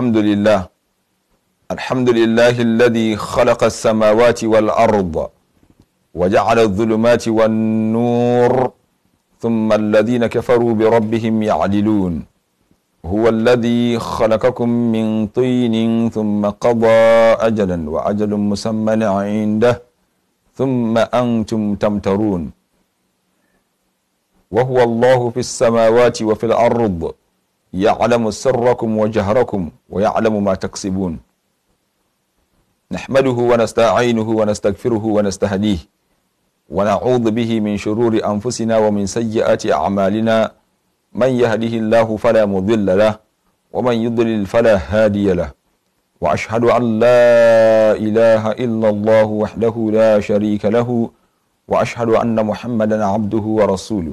الحمد لله الحمد لله الذي خلق السماوات والارض وجعل الظلمات والنور ثم الذين كفروا بربهم يعدلون هو الذي خلقكم من طين ثم قضى اجلا واجل مسمى عنده ثم انتم تمترون وهو الله في السماوات وفي الارض يعلم سركم وجهركم ويعلم ما تكسبون نحمده ونستعينه ونستغفره ونستهديه ونعوذ به من شرور انفسنا ومن سيئات اعمالنا من يهده الله فلا مضل له ومن يضلل فلا هادي له واشهد ان لا اله الا الله وحده لا شريك له واشهد ان محمدا عبده ورسوله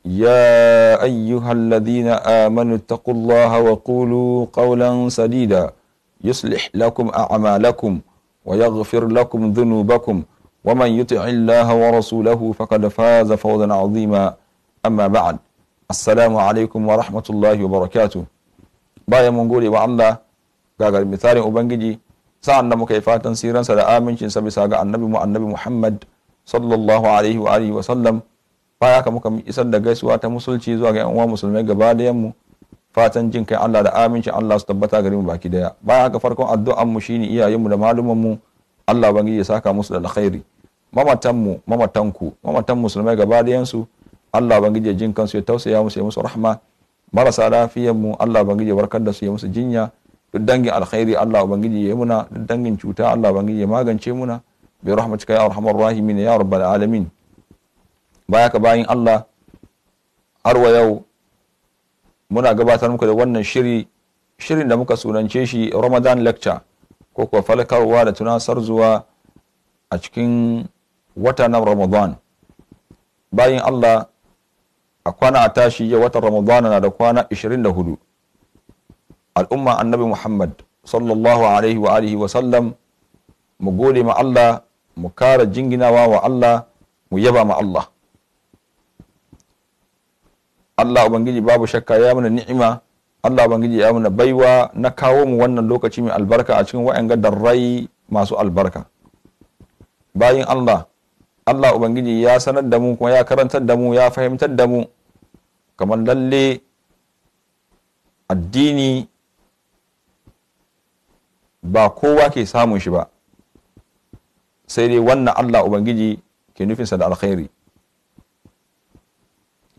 يا أيها الذين آمنوا اتقوا الله وقولوا قولا سديدا يصلح لكم أعمالكم ويغفر لكم ذنوبكم ومن يطع الله ورسوله فقد فاز فوزا عظيما أما بعد السلام عليكم ورحمة الله وبركاته بايا منقولي وعلا قال مثال أبنجي سعنا da muka سلا آمن siransa da النبي bisa ga annabi mu annabi Muhammad sallallahu alaihi fa haka muka isar da gaisuwa ta musulci zuwa ga yan musulmai gaba da mu fatan jin kai Allah da amincin Allah su tabbata gare mu baki daya bayan haka farkon addu'an mu shine iyayenmu da malaman mu Allah bangi ya saka musu da alkhairi mamatan mu mamatan ku mamatan musulmai gaba da yansu Allah bangi ya jin kansu ya tausaya musu ya musu rahma marasa lafiyan mu Allah bangi ya warkar da su ya musu jinya duk dangin alkhairi Allah bangi ya muna duk dangin cuta Allah bangi ya magance muna bi rahmatika ya arhamar rahimin ya rabbal alamin baya ka bayan Allah har wa yau muna gabatar muku da wannan shiri shirin da muka sunance shi Ramadan lecture ko kuwa falkarwa da tunasar zuwa a cikin wata na Ramadan Bayan Allah a kwana a tashi ya watan Ramadan na da kwana 24 al'umma annabi Muhammad sallallahu alaihi wa alihi wa sallam mu gode ma Allah mu kara jinginawa wa Allah mu yaba ma Allah Allah ubangiji babu shakka ya mana ni'ima Allah ubangiji ya mana baiwa na kawo mu wannan lokaci mai albarka a cikin wa'anga rai masu albarka bayan Allah Allah ubangiji ya sanar da mu kuma ya karantar da mu ya fahimtar da mu kamar lalle addini ba kowa ke samun shi ba sai dai wannan Allah ubangiji ke nufinsa da alkhairi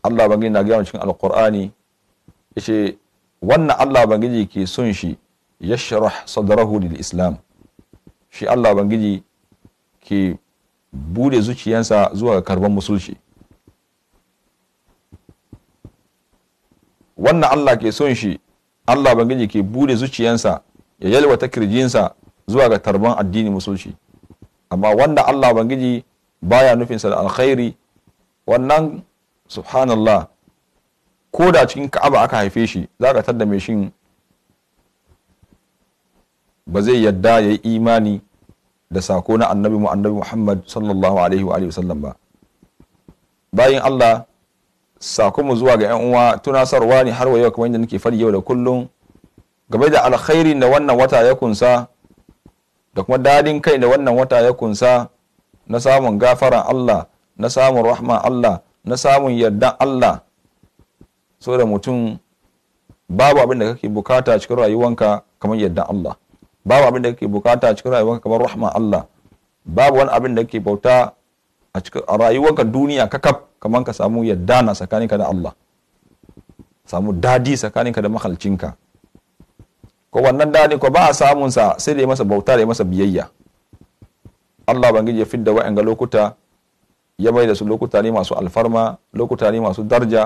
Allah bangiji na gaya cikin alqur'ani yace wannan Allah bangiji ke son shi yashrah sadrahu lil islam shi Allah bangiji ke bude zuciyansa zuwa ga karban musulci wannan Allah ke son shi Allah bangiji ke bude zuciyansa ya yalwata kirjinsa zuwa ga tarban addini musulci amma wanda Allah bangiji baya nufinsa da alkhairi wannan subhanallah ko da cikin ka'aba aka haife shi za ka tadda mai shin ba zai yadda ya yi imani da sako na annabi mu annabi muhammad sallallahu alaihi wa sallam ba bayan allah sako mu zuwa ga yan uwa tunasarwa ne har wa yau kamar nake fari yau da kullum game da alkhairi da wannan wata ya kunsa da kuma dadin kai da wannan wata ya kunsa na samun gafaran allah na samun rahman allah na samun yardan Allah so da mutum babu abin da kake bukata cikin rayuwanka kamar yardan Allah babu abin da kake bukata cikin rayuwanka kamar rahma Allah babu wani abin da kake bauta a cikin rayuwanka duniya kakaf kamar ka samu yarda na tsakaninka da Allah samu dadi tsakaninka da mahalcinka ko wannan dadi ko ba a samunsa sai da masa bauta da masa biyayya Allah bangiji ya fidda wa'anga lokuta ya bai da su lokuta ne masu alfarma lokuta ne masu darja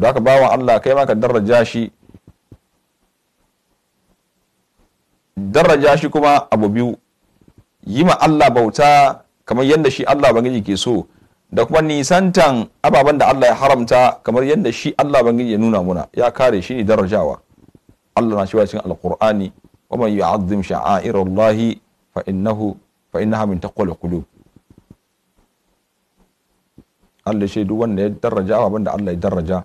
da aka bawa Allah kai ma ka daraja shi daraja shi kuma abu biyu yi ma Allah bauta kamar yadda shi Allah bangiji ke so da kuma nisantan ababen da Allah ya haramta kamar yadda shi Allah bangiji ya nuna muna ya kare shi ne darajawa Allah na cewa cikin alkur'ani wa man yu'azzim sha'airallahi fa innahu fa innaha min qulub Allah shaidu duk wanda ya daraja ababen da Allah ya daraja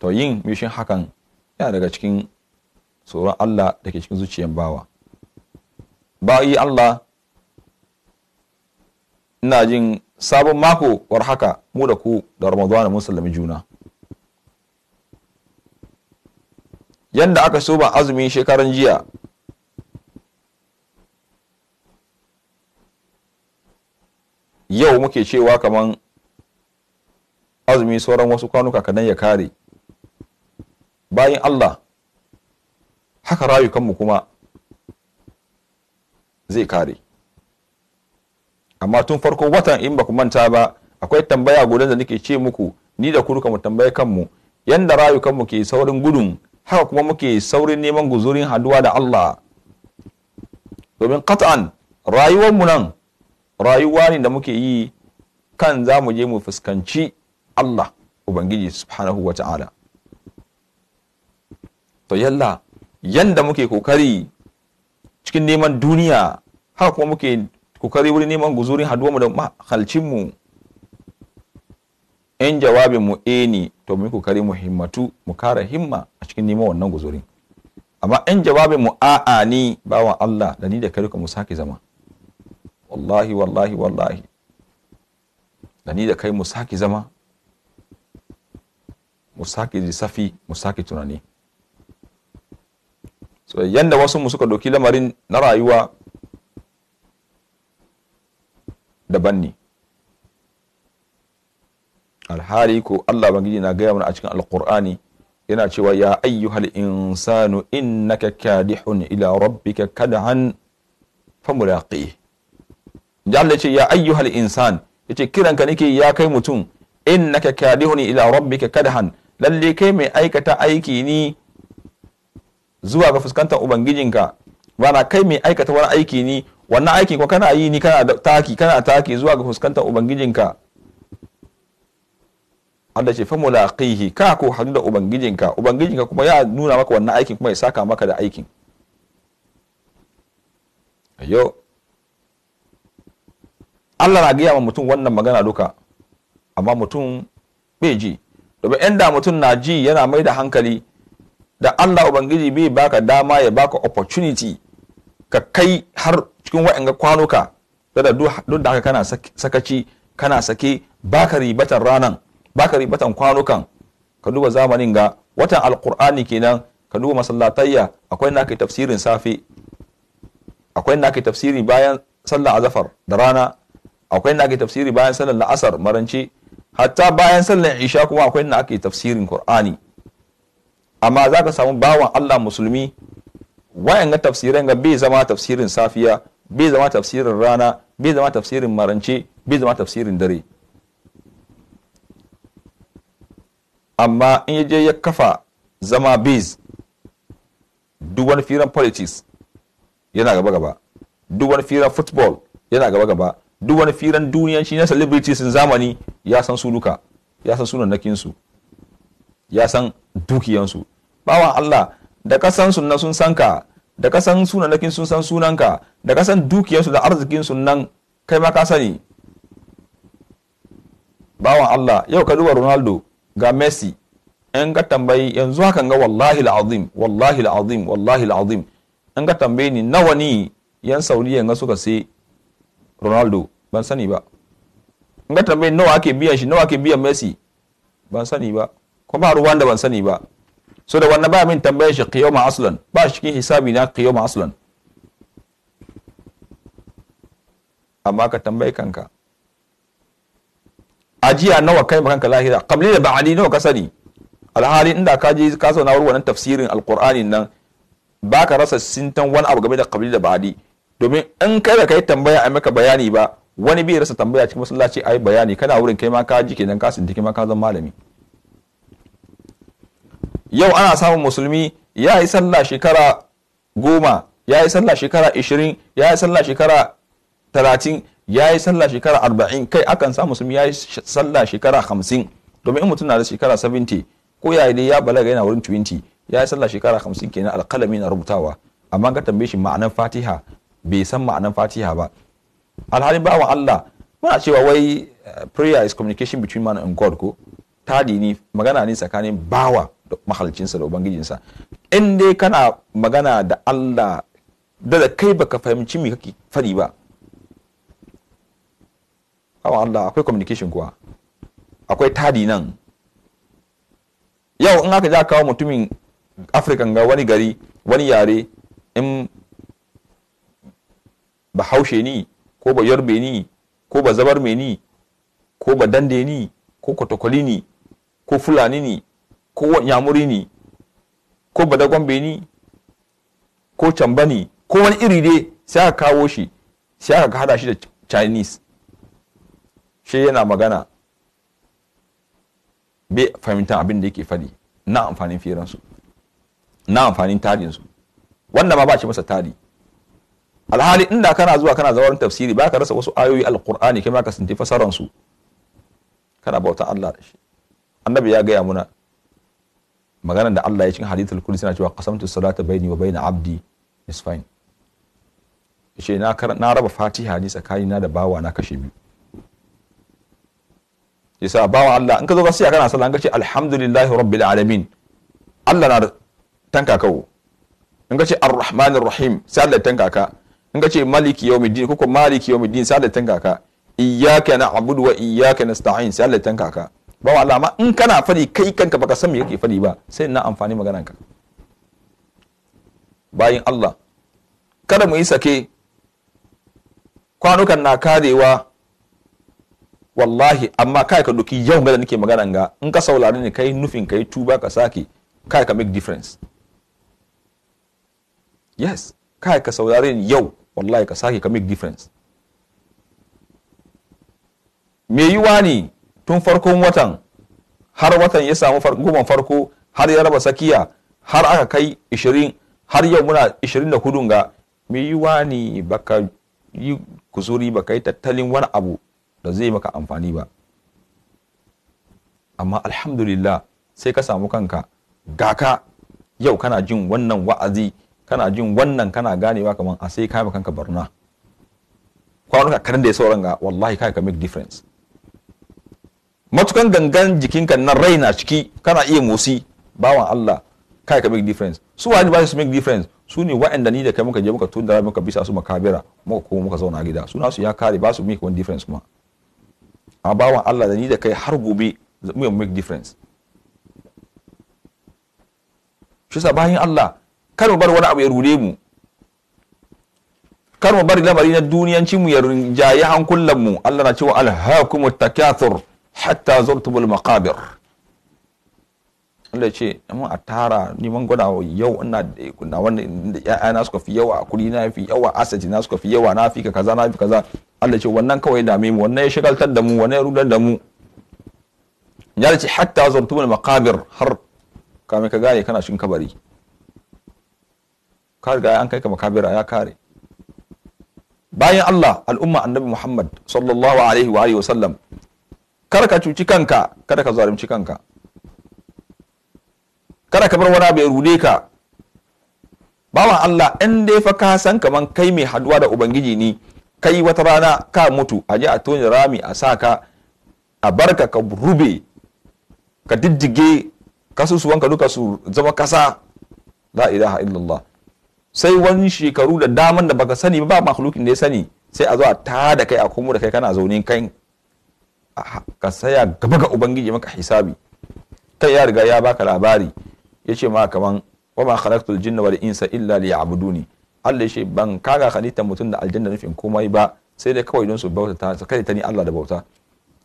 to yin mishin hakan yana daga cikin tsoron Allah da ke cikin zuciyar bawa bayi Allah ina jin sabon mako war haka mu da ku da ramadana mun sallami juna yanda aka so azumi shekaran jiya yau muke cewa kamar azumi sauran wasu kwanuka kadan ya kare bayan Allah haka rayukanmu kuma zai kare amma tun farko watan in ba ku manta ba akwai tambaya gudan da nake ce muku ni da kuruka mu tambaye kanmu yanda rayukanmu ke saurin gudun haka kuma muke saurin neman guzurin haduwa da Allah domin qat'an rayuwarmu nan rayuwa ne da muke yi kan za mu je mu fuskanci Allah Ubangiji subhanahu wa ta'ala. To yalla yanda muke kokari cikin neman duniya haka kuma muke kokari wurin neman guzurin mu da mahalcinmu in jawabin mu e ne to mu kokari mu himmatu mu kara himma a cikin neman wannan guzurin amma in jawabin mu a'a ni bawa Allah da ni da kai ka mu sake zama wallahi wallahi wallahi da ni da kai mu sake zama mu sake lissafi mu sake tunani so yanda wasu mu suka doki lamarin na rayuwa daban ne alhari ko Allah bangiji na gaya mana a cikin alkur'ani yana cewa ya ayyuhal insanu innaka kadihun ila rabbika kadhan famulaqih da Allah ce ya ayyuhal insan yace kiranka nake ya kai mutum innaka kadihuni ila rabbika kadhan lalle kai mai aikata aiki ni zuwa ga fuskantar ubangijinka bana kai mai aikata wani aiki ni wannan aiki ko kana yi ni kana taki kana taki zuwa ga fuskantar ubangijinka Allah ce fa mulaqihi ka ko hadu da ubangijinka ubangijinka kuma ya nuna maka wannan aikin kuma ya saka maka da aikin ayo Allah na gaya wa mutum wannan magana duka amma mutum bai ji domin inda mutum na ji yana mai da hankali da Allah ubangiji bai baka dama ya baka opportunity ka kai har cikin wa'anga kwanuka da duk da haka kana sakaci kana sake baka ribatan ranan baka ribatan kwanukan ka duba zamanin ga watan alkur'ani kenan ka duba masallatayya akwai naka tafsirin safe akwai naka tafsiri bayan sallah azafar da rana akwai inda ake tafsiri bayan sallar la'asar marance hatta bayan sallar isha kuma akwai inda ake tafsirin qur'ani amma za ka samu bawan allah musulmi wayan ga tafsirin ga bai zama tafsirin safiya bai zama tafsirin rana bai zama tafsirin marance bai zama tafsirin dare amma in ya je ya kafa zama base duk wani firan politics yana gaba gaba duk wani firan football yana gaba gaba duk wani firan duniyanci na celebrities sun zamani ya san su duka ya san sunan su ya san dukiyansu bawan Allah da kasan sunna sun san ka da kasan sunanakin sun san sunanka da kasan dukiyansu da arzikin sunan kai ma ka sani bawan Allah yau ka duba Ronaldo ga Messi in ka tambayi yanzu hakan ga wallahi al'azim wallahi al'azim wallahi al'azim in ka tambayi ni nawa ne yan Saudiya ga suka sai ronaldo ban sani ba in ga tambayin nawa ake biyan shi nawa ake biyan messi ban sani ba kuma da ban sani ba so da wannan ba min tambayar shi qiyama aslan ba shi cikin hisabi na qiyama aslan amma ka tambayi kanka ajiya nawa kai ma kanka lahira qabli da ba'ali nawa ka sani alhali inda ka je ka sauna wurin wannan tafsirin alqur'ani nan baka rasa sintan wani abu game da qabli da ba'ali domin in kai da kai tambaya a maka bayani ba wani bai rasa tambaya cikin masallaci ai bayani kana wurin kai ma ka ji kenan ka siddiki ma ka zama malami yau ana samun musulmi ya yi sallah shekara goma ya yi sallah shekara ishirin ya yi sallah shekara talatin ya yi sallah shekara arba'in kai akan samu musulmi ya yi sallah shekara hamsin domin in mutum na da shekara sabinti ko ya yi dai ya balaga yana wurin tuwinti ya yi sallah shekara hamsin kenan alkalami na rubutawa amma ka tambaye shi ma'anar fatiha bai san ma'anan fatiha ba alhalin ba Allah muna cewa wai eh, prayer is communication between man and God ko tadi ni magana ne tsakanin bawa da mahalicinsa da ubangijinsa in dai kana magana da Allah da kai baka fahimci me kake fadi ba bawan Allah akwai communication kuwa akwai tadi nan yau in aka za kawo mutumin afirka ga wani gari wani yare in ba haushe ni ko ba yarbe ni ko ba zabar me ni ko ba dande ni ko kwatakwali ni ko fulani ni ko yamuri ni ko ba ni ko camba ni ko wani iri dai sai aka kawo shi sai aka hada shi da chinese shi yana magana bai fahimtar abin da yake faɗi na amfanin firansu na amfanin tarinsu wanda ma ba shi masa tari alhali inda kana zuwa kana zawar tafsiri ba ka rasa wasu ayoyi alqur'ani kai ma ka sinti fasaran su kana bauta Allah da shi annabi ya gaya muna maganar da Allah ya cikin hadithul kursi yana cewa qasamtu salata baini wa baina abdi nisfain yace na na raba fatiha ne tsakanina da bawa na kashe biyu yasa bawa Allah in ka zo ka siya kana sallah In ka ce alhamdulillahi rabbil alamin Allah na tanka kawo in ka ce arrahmanir rahim sai Allah tanka ka in ka ce maliki mai dini Kuka maliki yawmiddin sai Allah tanka ka iyyaka Abudu wa iyyaka nasta'in sai Allah tanka ka ba wa alama in kana fadi kai kanka baka san me kake fadi ba sai na amfani maganar ka bayin Allah kada mu yi sake kwanukan na karewa wallahi amma kai ka doki yau da nake magana ga in ka saurari ne kai nufin kai tuba ka sake kai ka make difference yes kai ka saurari ni yau wallahi ka sake ka make difference me yiwa ne tun farkon watan har watan ya samu goma farko har ya raba sakiya har aka kai 20 har yau muna 24 ga me yiwa ne baka yi kusuri baka yi tattalin wani abu da zai maka amfani ba amma alhamdulillah sai ka samu kanka gaka yau kana jin wannan wa'azi kana jin wannan kana ganewa kamar a ah, sai kai kanka barna kwanuka kadan da ya sauran ga wallahi kai ka make difference matukan gangan jikinka na rai na ciki kana iya motsi bawan Allah kai ka make difference su wani ba su make difference su ne wa'anda ni da kai muka je muka tun da muka bisa su makabira muka koma muka zauna gida suna su ya kare ba su make one difference ma a bawan Allah da ni da kai har gobe mu make difference shi sa bayan Allah kar mu bar wani abu ya rude mu kar mu bari lamari na duniyancin mu ya rinjaye hankulan mu Allah na cewa alhaakum takathur hatta zurtumul maqabir Allah ce amma a tara ni man gwada yau ina da wannan da ƴaƴa na suka fi yawa kuɗi na fi yawa asati na suka fi yawa na fi ka kaza na fi kaza Allah ce wannan kawai dame mu wannan ya shagaltar da mu wannan ya rudar da mu ya ce hatta zurtumul maqabir har kame ka gane kana shin kabari ka riga an kai ka makabira ya kare bayan Allah al'umma annabi Muhammad sallallahu alaihi wa alihi wasallam kar ka cuci kanka kada ka zalunci kanka kada ka bar wani abu ya rude ka bawan Allah in dai fa ka san kaman kai mai haduwa da ubangiji ni. kai wata rana ka mutu a ji a tone rami a sa ka a barka ka rube ka diddige kasusuwanka duka su zama kasa la ilaha illallah sai wani shekaru da daman da baka sani ba makhlukin da ya sani sai a zo a ta da kai a komo da kai kana zaune kai ka saya gaba ga ubangiji maka hisabi kai ya riga ya baka labari ya ce ma kaman wa ma khalaqtul jinna wal insa illa liya'buduni Allah ya ce ban kaga halitta mutum da aljanna nufin komai ba sai dai kawai don su bauta ta kai ta ni Allah da bauta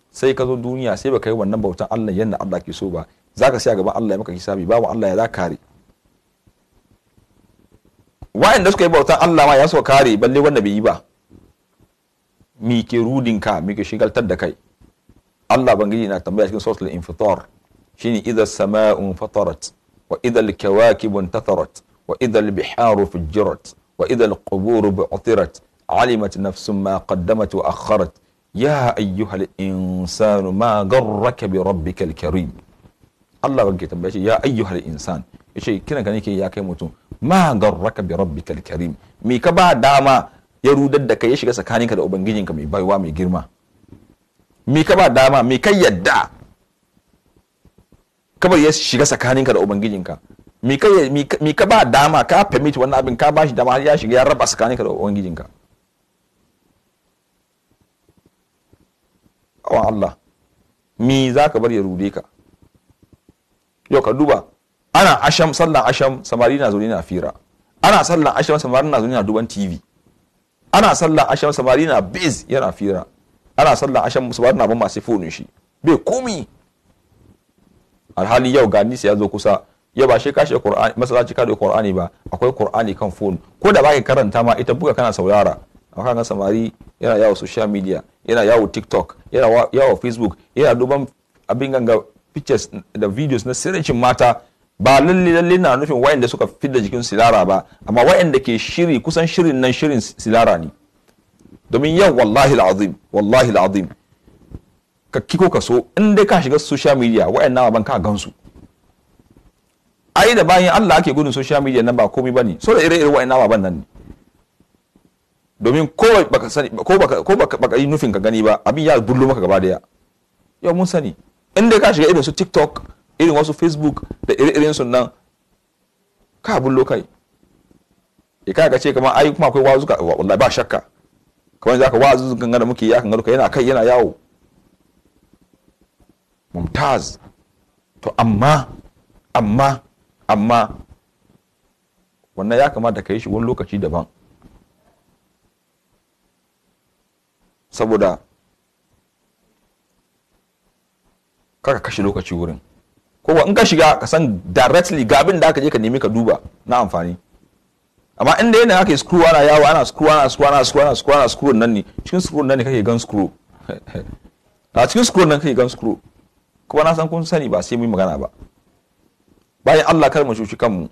sai ka zo duniya sai baka yi wannan bautan Allah yanda Allah ke so ba zaka saya gaban Allah ya maka hisabi babu Allah ya za kare wa'anda suka yi bautan Allah ma ya so kare balle wanda bai yi ba mi ke rudin ka mi ke shigaltar da kai Allah bangiji na tambaya cikin suratul infitar shine idza sama'un fatarat wa idza al-kawakibu intatarat wa idza al-biharu fujjirat wa idza al-quburu bu'thirat alimat nafsun ma qaddamat wa akharat ya ayyuhal insanu ma garraka bi rabbikal karim Allah ranke tambaye shi ya ayyuhal insan yace kina ka nake ya kai mutum ma garraka bi rabbikal karim me ka ba dama ya rudar da kai ya shiga tsakaninka da ubangijinka mai baiwa mai girma me ka ba dama me kai yadda bar ya shiga tsakaninka da ubangijinka me ka ba dama ka permit wannan abin ka ba shi dama ya shiga ya raba tsakaninka da ubangijinka awon Allah me za ka bar ya rude ka yau ka duba ana asham sallan asham samari na zaune na fira ana sallan asham samari na zaune na duban tv ana sallan asham samari na biz yana fira ana sallan asham samari na ban masu fonin shi bai komi alhali yau ga nisa ya zo kusa ya ba shi kashe qur'ani masallaci kada qur'ani ba akwai qur'ani kan phone ko da baki karanta ma ita buga kana saurara akwai ga samari yana yawo social media yana yawo tiktok yana yawo facebook yana duban abin ganga pictures da videos na sirrin mata ba lalle lalle na nufin wayanda suka fidda jikin silara ba amma wayanda ke shiri kusan shirin nan shirin silara ne domin yau wallahi alazim wallahi alazim ka kiko ka so in dai ka shiga social media wayannan ban ka gansu ai da bayan Allah ake gudun social media nan ba komai bane so da ire-ire ba ban nan ne domin ko baka sani ko baka ko baka yi nufin ka gani ba abin ya bullo maka gaba daya yau mun sani inda ka shiga irin su tiktok irin wasu facebook da irin su nan ka abun lokai ya kaga ce kamar ai kuma akwai wazuka wallahi ba shakka kamar ka wazu ganga da muke ya kan garuka yana kai yana yawo mumtaz to amma amma amma wannan ya kamata ka yi shi wani lokaci daban saboda kaka kashe lokaci wurin ko in ka shiga ka san directly ga abin da aka je ka nemi ka duba na amfani amma inda yana aka yi screw ana yawo ana screw ana screw ana screw ana screw ana screw nan ne cikin screw nan ne kake gan screw a cikin screw nan kake gan screw kuma na san kun sani ba sai mu magana ba bayan Allah kar mu shushi kanmu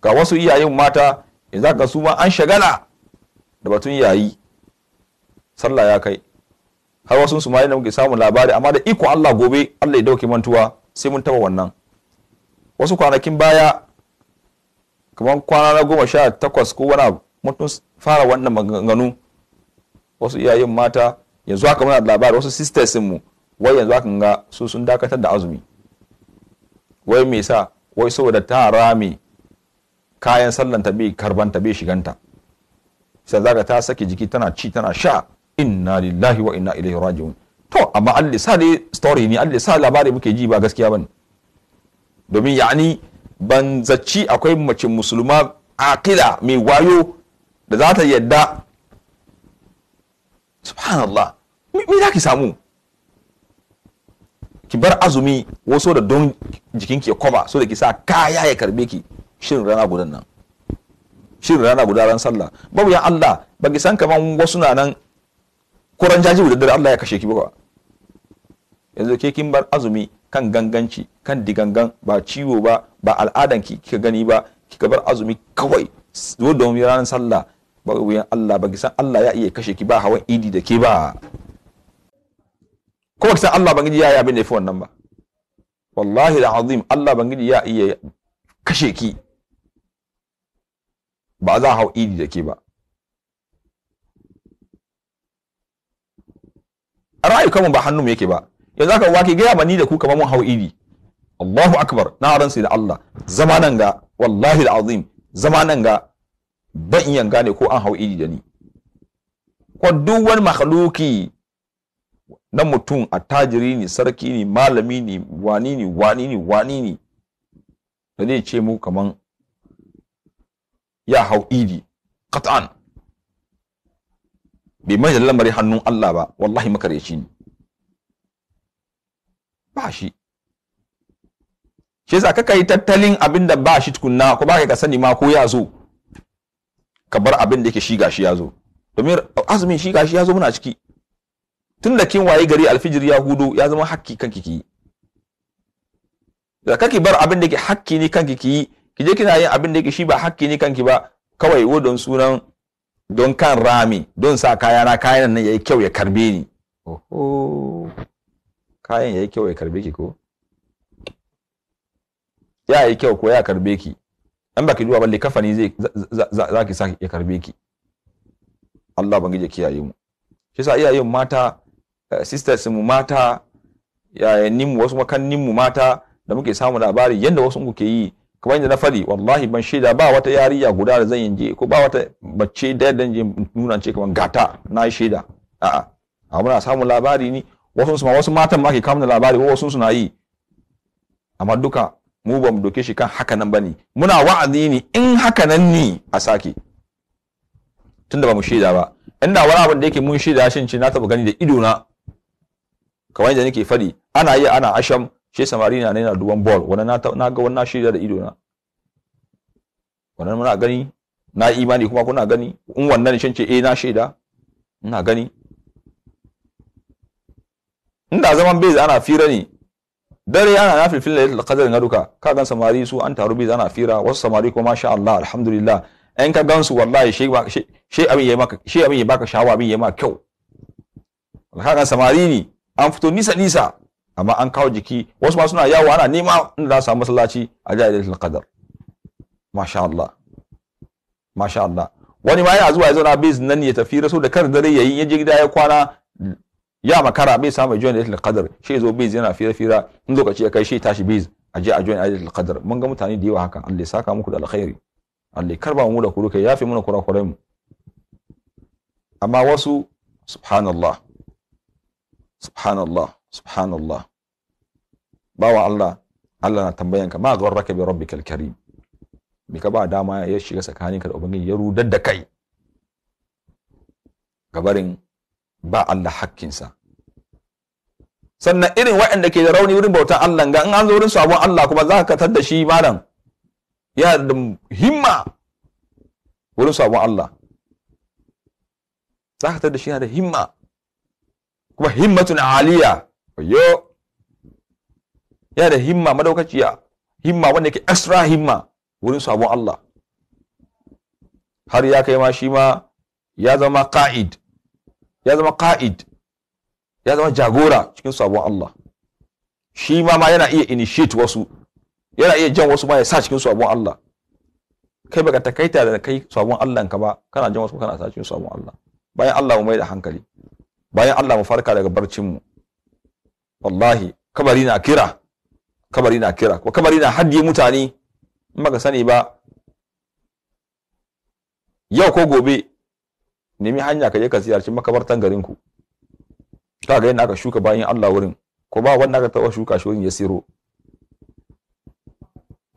ga wasu iyayen mata idan ka su ma an shagala da batun yayi sallah ya kai har wasu su da muke samun labari amma da iko Allah gobe Allah ya dauke mantuwa sai mun taba wannan wasu kwanakin baya kamar kwana na goma sha takwas ko wani mutum fara wannan maganganu wasu iyayen mata yanzu haka muna labari wasu sisters mu wai yanzu haka ga su sun dakatar da azumi wai me sa wai saboda ta rame kayan sallanta bai karbanta bai shiganta sai zaka ta saki jiki tana ci tana sha inna lillahi wa inna ilaihi raji'un to amma an lisa story ne an lisa labari muke ji ba gaskiya bane domin yani ban zaci akwai mace musulma aqila mai wayo da za ta yadda subhanallah me za ki samu ki bar azumi wasu da don jikinki ya kwaba so da ki sa kaya ya karbe ki shirin rana gudan nan shirin rana guda ran sallah babu ya Allah ba ki san kaman wasu na nan kuran jajibu da dare Allah ya kashe ki ba yanzu ke kin bar azumi kan ganganci kan digangan ba ciwo ba ba al'adan ki kika gani ba kika bar azumi kawai zo domin ranar sallah ba wuyan Allah ba san Allah ya iya kashe ki ba hawan idi da ke ba kuma san Allah bangiji ya yi abin da ya fi wannan ba wallahi da azim Allah bangiji ya iya kashe ki ba za hau idi da ke ba ra'ayukanmu ba hannun yake ba yanzu aka wake gaya ba ni da ku kamar mun hau idi. Allahu akbar na ran sai da Allah zamanan ga wallahi azim zamanan ga ban iya gane ko an hau idi da ni ko duk wani makhluki na mutum attajiri ne sarki ne malami ne wani ne wani ne wani ne da zai ce mu kaman ya hau iri qat'an bai mai da lamari hannun Allah ba wallahi makareci ne ba shi shi yasa kaka yi tattalin abin da ba shi tukunna ko ba ka sani ma ko ya zo ka bar abin da yake shi gashi ya zo domin azumin shi gashi ya zo muna ciki tun da kin waye gari alfijir ya hudu ya zama hakki kanki kiki da kake bar abin da yake hakki ne kanki kiki kije kina yin abin da yake shi ba hakki ne kanki ba kawai wodon sunan don kan rami don sa kayana kayan nan yayi kyau ya karbe ni oho kayan yayi kyau ya karbe ki ko ya yi kyau ko ya karbe ki an baki duwa balle kafani zai za ki sa ya karbe ki Allah bangije kiyaye mu shi sa iyayen mata eh, sisters mu mata yayin nimu wasu makannin mu mata da muke samu labari yadda wasu ke yi kamar yadda na faɗi wallahi ban shaida ba wata yariya guda da zan yi ko ba wata bacce da yadda je nuna ce kamar gata na yi shaida a'a a muna samun labari ni wasu su wasu matan ma ke kamar labari ko wasu suna yi amma duka mu ba mu doke shi kan haka nan bane muna wa'azi ne in haka nan ne a sake tunda ba mu shaida ba inda wani abin da yake mun shaida shin ce na taba gani da ido na kamar yadda nake faɗi ana yi ana asham shi samari na ne na duban ball wannan na na ga wannan shirya da ido na wannan muna gani na imani kuma kuna gani in wannan shin ce eh na shaida ina gani inda zaman base ana fira ne dare ana na filfil da qadar na duka ka gan samari su an taru base ana fira wasu samari kuma masha Allah alhamdulillah in ka gansu wallahi shi shi abin yayi maka shi abin yayi baka shawa abin yayi maka kyau ka gan samari ne an fito nisa nisa amma an kawo jiki wasu ma suna yawo ana nema inda za su samu masallaci a jihar Lailatul Qadar masha Allah masha Allah wani ma yana zuwa ya zauna bai nan ya tafi rasu da kar dare yayin ya je gida ya kwana ya makara bai samu join Lailatul Qadar shi zo bai yana fira fira in lokaci ya kai shi tashi bai a je a join Lailatul Qadar mun ga mutane da yawa haka Allah ya saka muku da alkhairi Allah ya karba mu da kuruka ya fi mana kurakurai mu amma wasu subhanallah subhanallah subhanallah bawa Allah Allah na tambayanka ma gharraka bi rabbikal karim me ka ba dama ya shiga tsakaninka da ubangiji ya rudar da kai gabarin ba Allah hakkinsa sannan irin waɗanda ke da rauni wurin bautan Allah ga in an zo wurin sabon Allah kuma za ka tar da shi malam ya da himma wurin sabon Allah za ka tar da shi yana da himma kuma himmatun aliya yo yana da himma madaukaciya himma wanda yake extra himma wurin sabon Allah har ya kai ma shi ma ya zama qa'id ya zama qa'id ya zama jagora cikin sabon Allah shi ma ma yana iya initiate wasu yana iya jan wasu ma ya sa cikin sabon Allah kai baka takaita da kai sabon Allah ka ba kana jan wasu kana sa cikin sabon Allah bayan Allah mu mai da hankali bayan Allah mu farka daga barcin mu wallahi kabari na kira kamar na kira ko kamar na haddiye mutane in baka sani ba yau ko gobe nemi hanya ka je ka ziyarci makabartan garin ku ta ga yadda aka shuka bayan Allah wurin ko ba wanda aka taba shuka shi wurin ya siro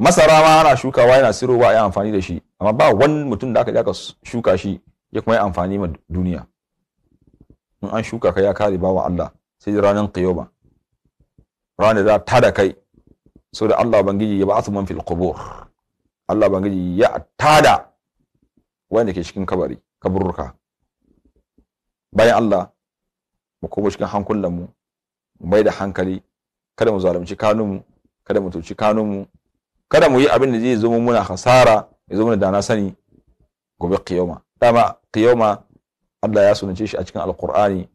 masara ma ana shukawa yana siro ba ya amfani da shi amma ba wani mutum da aka je aka shuka shi ya kuma yi amfani ma duniya in an shuka ka ya kare bawa Allah sai ranar qiyama ranar da ta da kai so da Allah bangiji ya ba'athu man fil qubur Allah bangiji ya tada wanda ke cikin kabari kaburruka bayan Allah mu koma cikin hankulan mu mu da hankali kada mu zalunci kanun mu kada mu tuci kanun mu kada mu yi abin da zai zama muna hasara ya zama da na sani gobe qiyama dama qiyama Allah ya sunace shi a cikin alqur'ani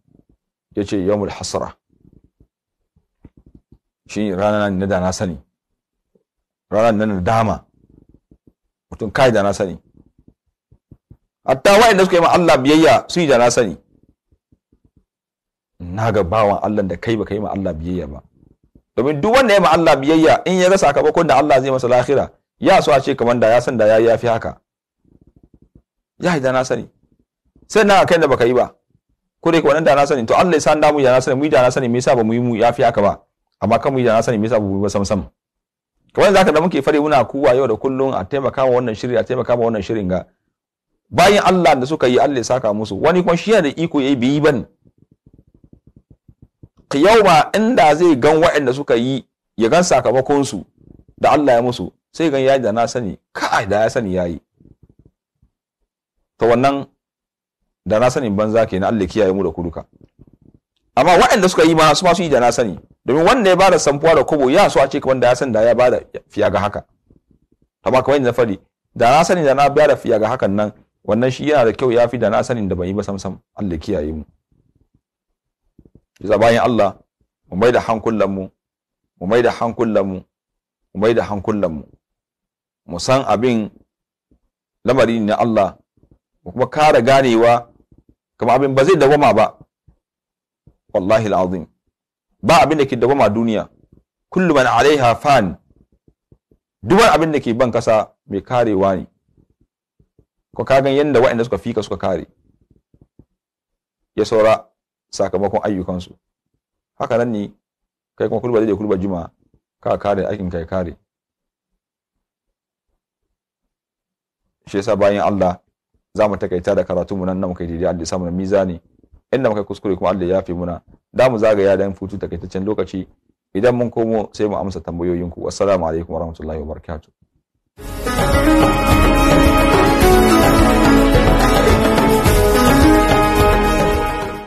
yace yawmul hasra shi rana na da na sani ranar nan dama mutum kai da na sani hatta wa'anda suka yi ma Allah biyayya su yi da na sani na ga bawan Allah da kai ka yi ma Allah biyayya ba domin duk wanda ya ma Allah biyayya in ya ka bakon da Allah zai masa lahira ya so a ce kamar da ya san da ya yafi haka ya yi da na sani sai na kai da baka yi ba ko dai wannan da na sani to Allah ya san da mu da na sani mu da na sani me yasa ba mu yi mu yafi haka ba amma kan mu da na sani me yasa ba mu yi ba sam sam kamar za ka da muke fari muna kuwa yau da kullum a taimaka wa wannan shirin. a taimaka wa wannan shirin ga bayan Allah da suka yi Allah ya saka musu wani kuma shi da iko yayi biyi bane qiyama inda zai gan waɗanda suka yi ya gan sakamakon su da Allah ya musu sai gan yayi da na sani kai da ya sani yayi to wannan da na sanin banza kenan Allah kiyaye mu da kuduka amma waɗanda suka yi ma su ma su yi da na sani domin wanda ya ba da samfuwa da kobo ya so a ce wanda ya san da ya ba da fiya ga haka amma kamar yadda na fari da na sani da na ba da fiya ga hakan nan wannan shi yana da kyau ya fi da na sani da ban yi ba samsam Allah kiyaye mu yasa bayan Allah mu mai da hankulan mu mu mai da hankulan mu mu mai da hankulan mu mu san abin lamari ne Allah mu kuma kara ganewa kamar abin ba zai dawama ba wallahi alazim ba abin da ke dawama duniya kullum man alaiha fan duk abin da ke ban kasa mai karewa ne ko ka gan yanda waɗanda suka fika suka kare ya saura sakamakon ayyukansu haka nan ne kai kuma kulba zai kulba juma ka kare aikin kai kare shi yasa bayan Allah za mu takaita da karatu mu nan nan kai daidai Allah ya samu ne. inda muka kuskure kuma Allah ya fi muna da mu zagaya dan futu takaitaccen lokaci idan mun komo sai mu amsa tambayoyinku assalamu alaikum warahmatullahi wabarakatuh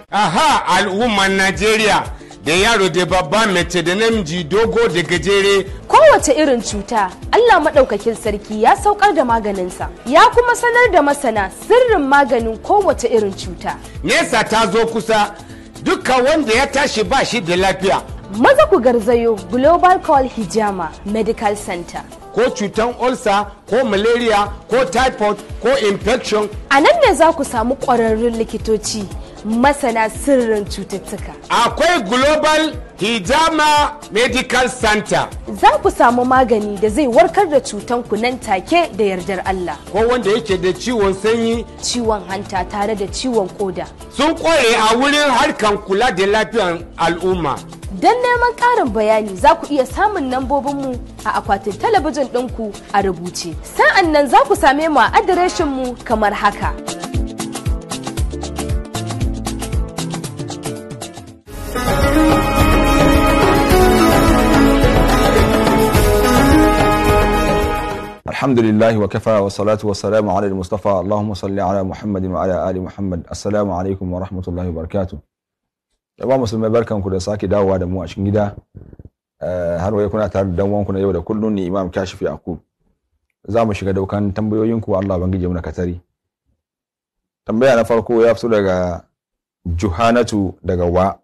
aha al'umman Najeriya da yaro da babba mace da namiji dogo da gajere. Kowace irin cuta Allah maɗaukakin sarki ya saukar da maganinsa ya kuma sanar da masana sirrin maganin kowace irin cuta. Nesa ta zo kusa duka wanda ya tashi ba shi da lafiya. Maza ku garzayo Global Call Hijama Medical Center. ko cutan ulcer ko malaria ko typhoid ko infection. A nan ne za ku samu ƙwararrun likitoci masana sirrin cututtuka. Akwai Global Hijama Medical Center. Za ku samu magani da zai warkar da cutan ku nan take da yardar Allah. Ko wanda yake da ciwon sanyi. Ciwon hanta tare da ciwon koda. Sun koye a wurin harkan kula da lafiyan al'umma. Don neman ƙarin bayani za ku iya samun nambobinmu a akwatin talabijin ɗinku a rubuce. Sa'an nan za ku same mu a adireshinmu kamar haka. alhamdulillahi wa kafa wa salli ala muhammadin wa ala ali muhammad assalamu alaikum wa barkanku da sake dawowa da mu a cikin gida eh, har wai kuna tare da danwanku na yau da kullun ni imam kashifi yakub za mu shiga daukan tambayoyinku Allah bangije mu na katari tambaya na farko ya fito daga juhanatu daga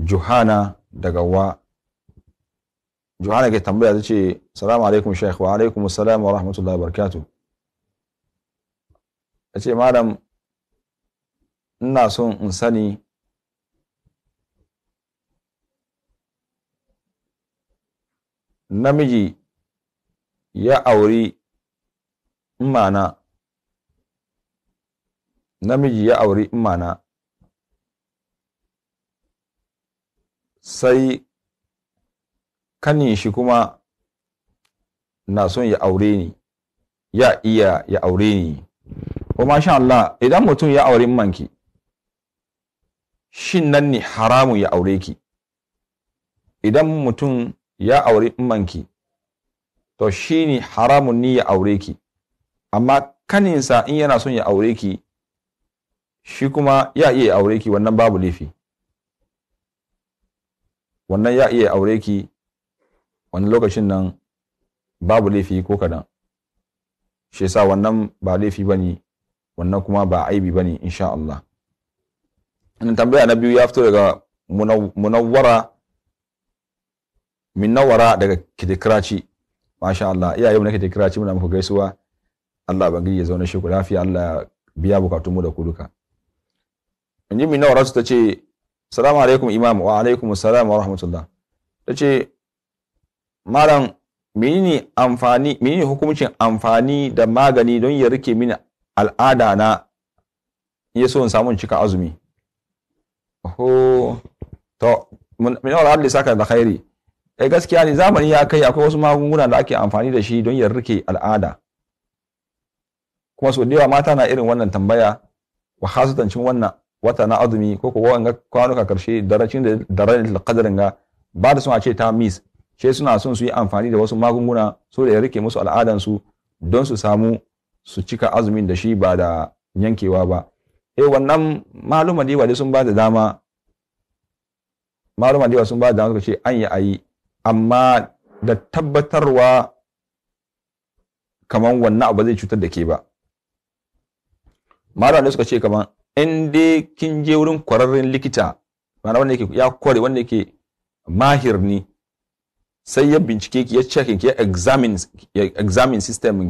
juhana daga wa Juhana ke tambaya ta ce, Salamu alaikum Sheikh wa alaikum salamu wa rahmatullahi barkatu. A ce, Madam, ina son in sani namiji ya auri imana namiji ya auri imana sai kanin shi kuma na son ya aure ni ya iya ya aure ni ko sha Allah idan mutum ya aure manki shin nan ne haramun ya aure ki idan mutum ya aure manki to shi ne haramun ni ya aure ki amma kaninsa in yana son ya aure ki shi kuma ya iya ya aure ki wannan babu laifi wannan ya iya ya aure ki wani lokacin nan babu laifi ko kadan shi yasa wannan ba laifi bane wannan kuma ba aibi bane insha Allah wannan tambaya na biyu ya fito daga munawwara min nawara daga kidikraci masha Allah iyaye mu na kidikraci muna muku gaisuwa Allah bangiji ya zauna shi ku lafiya Allah biya bukatunmu da kuduka duka in ji min nawara ta ce salamu alaikum imam wa alaikum salam wa rahmatullah ce maran menene amfani menene hukuncin amfani da magani don ya rike mini al'ada na ya so in samu cika azumi oho to min Allah Allah saka da khairi eh gaskiya ne zamani ya kai akwai wasu magunguna da ake amfani da shi don ya rike al'ada kuma so da mata na irin wannan tambaya wa hasatan cin wannan wata na azumi ko ko wanga kwanuka karshe daracin da daren qadarin ga ba da suna ce ta miss she suna son su yi amfani da wasu magunguna da ya rike musu al'adansu don su samu su cika azumin da shi ba da yankewa ba E wannan maluma diwa sun ba da dama maluma diwa sun ba da dama suka ce an yi ayi amma da tabbatarwa kamar wannan abu zai cutar da ke ba maluma suka ce kamar in dai kin je wurin kwararren likita ma'ana wanda ya kware wanda yake mahir ne sai ya bincike ki ya checking ki ya examine ya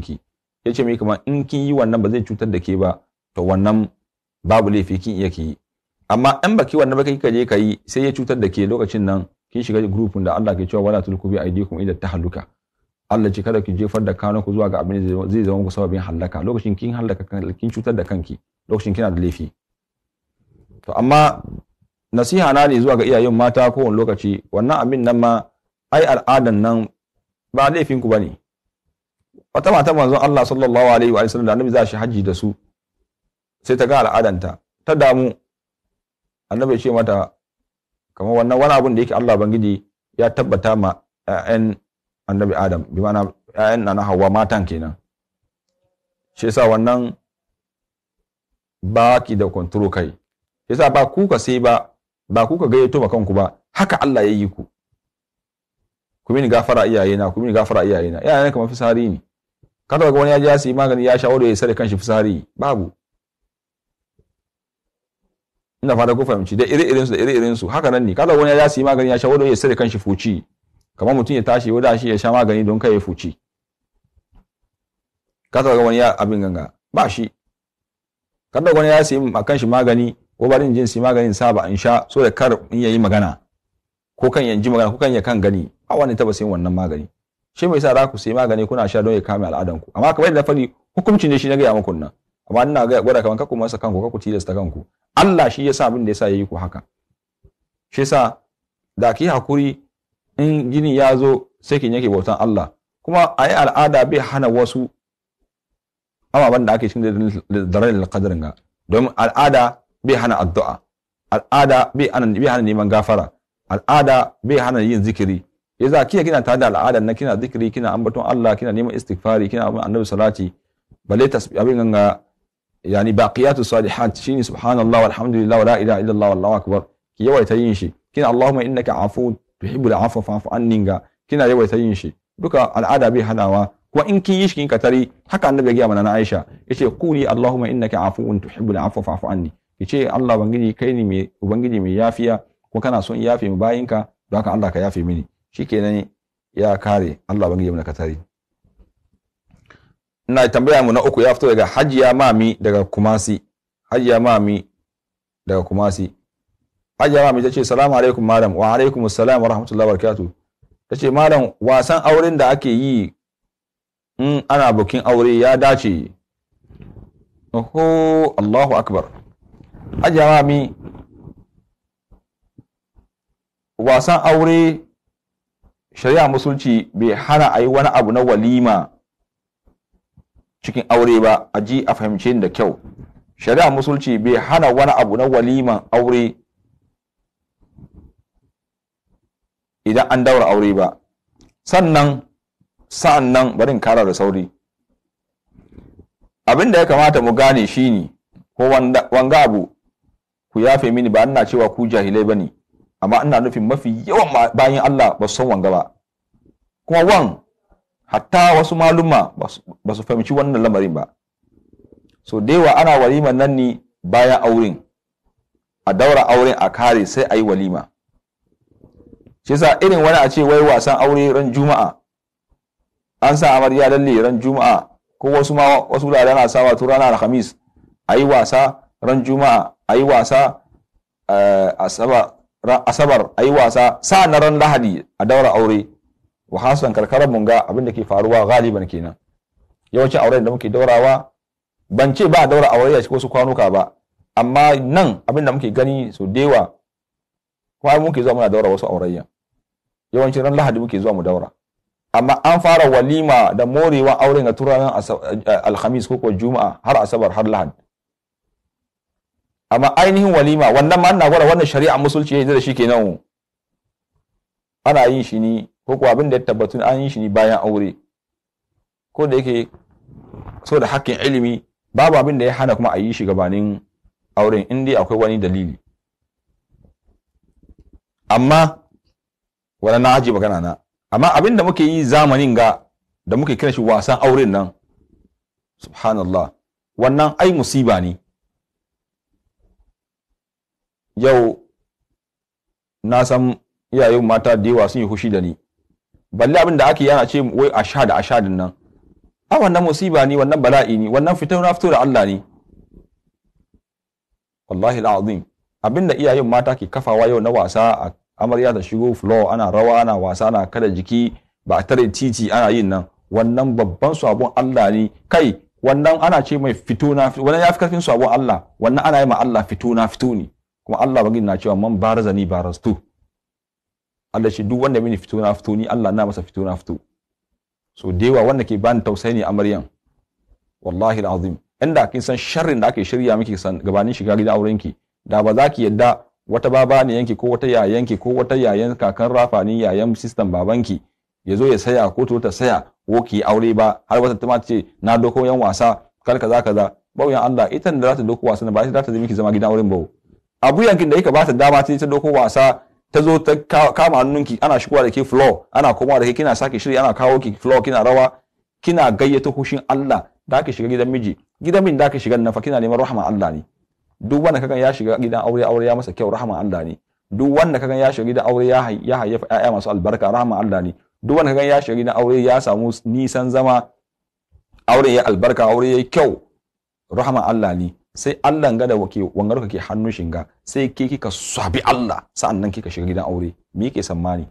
ki ya ce mai kamar in kin yi wannan ba zai cutar da ke ba to wannan babu laifi kin iya ki yi amma in baki wannan ba kika je ka yi sai ya cutar da ke lokacin nan kin shiga grupin da Allah ke cewa wala tulku bi aidikum ila tahluka Allah ce kada ki jefar da kanku zuwa ga abin da zai zama ku sababin halaka lokacin kin halaka kin cutar da kanki lokacin kina da laifi to amma nasiha na ne zuwa ga iyayen mata kowane lokaci wannan abin nan ma ai al'adan nan ba laifin ku bane wata mata manzon Allah sallallahu alaihi wa sallam da annabi za shi haji da su sai ta ga al'adanta ta damu annabi ce mata kamar wannan wani abun da yake Allah bangiji ya tabbata ma ƴaƴan annabi Adam bi ma'ana ƴaƴan nana Hawwa matan kenan shi yasa wannan ba ki da control kai yasa ba ku ka sai ba ba ku ka gayyato ma kanku ba haka Allah ya yi ku ku mini gafara iyayena ku mini gafara iyayena iyayena kamar fisari ne ka ga wani ya ji su magani ya shawo da ya sare kanshi fisari babu ina fata ku fahimci da iri irinsu da iri irinsu haka nan ne kada wani ya su magani ya shawo da ya sare kanshi fuci kamar mutum ya tashi wada shi ya sha magani don kai ya fuci ka ga wani ya abin ganga ba shi kada wani ya su yi a shi magani ko barin jin su magani magani saba in sha so da kar in yayi magana ko kan yanji magana ko kan ya kan gani a wani taba sayin wannan magani shi mai sa za ku sayi magani kuna sha don ya kame al'adan ku amma kamar da fari hukunci ne shi na gaya muku nan amma ina ga gwada kaman kaku masa kanku kaku tilasta kanku Allah shi yasa abin da yasa yayi ku haka shi yasa da ki hakuri in gini ya zo sai kin yake bautan Allah kuma ayi al'ada bai hana wasu amma da ake cikin darar alƙadarin ga domin al'ada bai hana addu'a al'ada bai hana neman gafara al'ada bai hana yin zikiri yasa kiya kina tare da al'ada nan kina zikiri kina ambaton Allah kina neman istighfari kina abin annabi salati balle tasbih abin ganga yani baqiyatu salihat shine subhanallah walhamdulillah wala ilaha illallah wallahu akbar ki yawaita yin shi kina allahumma innaka afuwun tuhibbul afwa fa'fu anni ga kina yawaita yin shi duka al'ada bai hanawa kuma in kin yi shi kin katari haka annabi ya gaya mana na Aisha yace kuli allahumma innaka afuwun tuhibbul afwa fa'fu anni yace Allah ubangiji kai ne mai ubangiji mai yafiya ko kana son yafe mu bayinka don haka Allah ka yafe mini shikenan ya kare Allah bangi yi ka tare ina tambaya mu na uku ya fito daga Hajiya Mami daga Kumasi Hajiya Mami daga Kumasi Hajiya Mami tace salamu alaikum madam. wa alaikum assalam wa rahmatullahi wa barakatuh tace madam wasan auren da ake yi in ana bukin aure ya dace Oho, Allahu Akbar. Hajiya Mami wasan aure shari'a musulci bai hana a yi wani abu na walima cikin aure ba a ji a fahimce da kyau shari'a musulci bai hana wani abu na waliman aure idan an daura aure ba sannan sa'an nan barin kara da sauri abin da ya kamata mu gane shi ne ko wanga abu ku yafe mini ba ina cewa ku jahilai ba ne amma ina nufin mafi yawan bayan Allah ba su san wanga ba kuma wan hatta wasu maluma ba su fahimci wannan lamarin ba so da yawa ana walima nan ne bayan auren a daura auren a kare sai a yi walima shi sa irin wani a ce wai wasan aure ran juma'a an sa amarya lalle ran juma'a ko wasu ma wasu lada na sawa tu ranar alhamis a yi wasa ran juma'a a yi wasa eh, a saba asabar a yi wasa sa na ran lahadi a daura aure wa hasan karkarar mun ga abin ke faruwa galiban kenan yawancin aure da muke daurawa ban ce ba a daura aure a cikin wasu kwanuka ba amma nan abinda da muke gani so dewa kuma muke zuwa muna daura wasu aurayya yawancin ran lahadi muke zuwa mu daura amma an fara walima da morewa aure a turanin alhamis ko juma'a har asabar har lahadi. amma ainihin walima wannan ma ana gwada wannan shari'a musulci yanzu da shi kenan ana yin shi ne ko kuwa abin da ya tabbatu an yi shi ne bayan aure ko da yake so da hakkin ilimi babu abin da ya hana kuma a yi shi gabanin auren in dai akwai wani dalili amma wani na aji magana na amma abin da muke yi zamanin ga da muke kira shi wasan auren nan subhanallah wannan ai musiba ne yau na san iyayen mata da yawa sun yi hushi da ni balle abin da ake yana ce wai a sha da a sha din nan a wannan musiba ne wannan bala'i ne wannan fitar na fito da Allah ne wallahi al'azim abin da iyayen mata ke kafawa yau na wasa a amarya ta shigo floor ana rawa ana wasa ana kada jiki ba a tare titi ana yin nan wannan babban sabon Allah ne kai wannan ana ce mai fito na wannan ya fi karfin sabon Allah wannan ana yi ma Allah fito na fito ne kuma Allah bangin na cewa man barazani barastu Allah shi duk wanda mini fito na fito ni Allah na masa fito na fito so dewa wanda ke bani tausayi ne a Maryam wallahi alazim inda kin san sharrin da ake shirya miki san gabanin shiga gidan aurenki. da ba za ki yadda wata baba ne yanki ko wata yayanki ko wata yayan kakan rafa ne yayan sistan babanki ya zo ya saya ko to ta saya ko ki aure ba har wata ta ce na doko yan wasa kar kaza kaza bauyan Allah ita da za ta doko wasa ba za ta zama gidan auren ba a yankin da yake ba ta dama ta doko wasa ta zo ta kama hannunki ana shigowa da ke floor ana komawa da ke kina sake shiri ana kawo ki floor kina rawa kina gayyato hushin Allah da ka shiga gidan miji gidan miji da ka shiga nafa kina neman rahama Allah ne duk wanda gan ya shiga gidan aure aure ya masa kyau rahama Allah ne duk wanda gan ya shiga gidan aure ya hayyafa ƴaƴa masu albarka rahama Allah ne duk wanda gan ya shiga gidan aure ya samu nisan zama aure ya albarka aure ya kyau rahama Allah ne sai Allah ga da wake wangar ka ke hannu shinga sai ke kika swabi Allah nan kika shiga gidan aure me yake sammani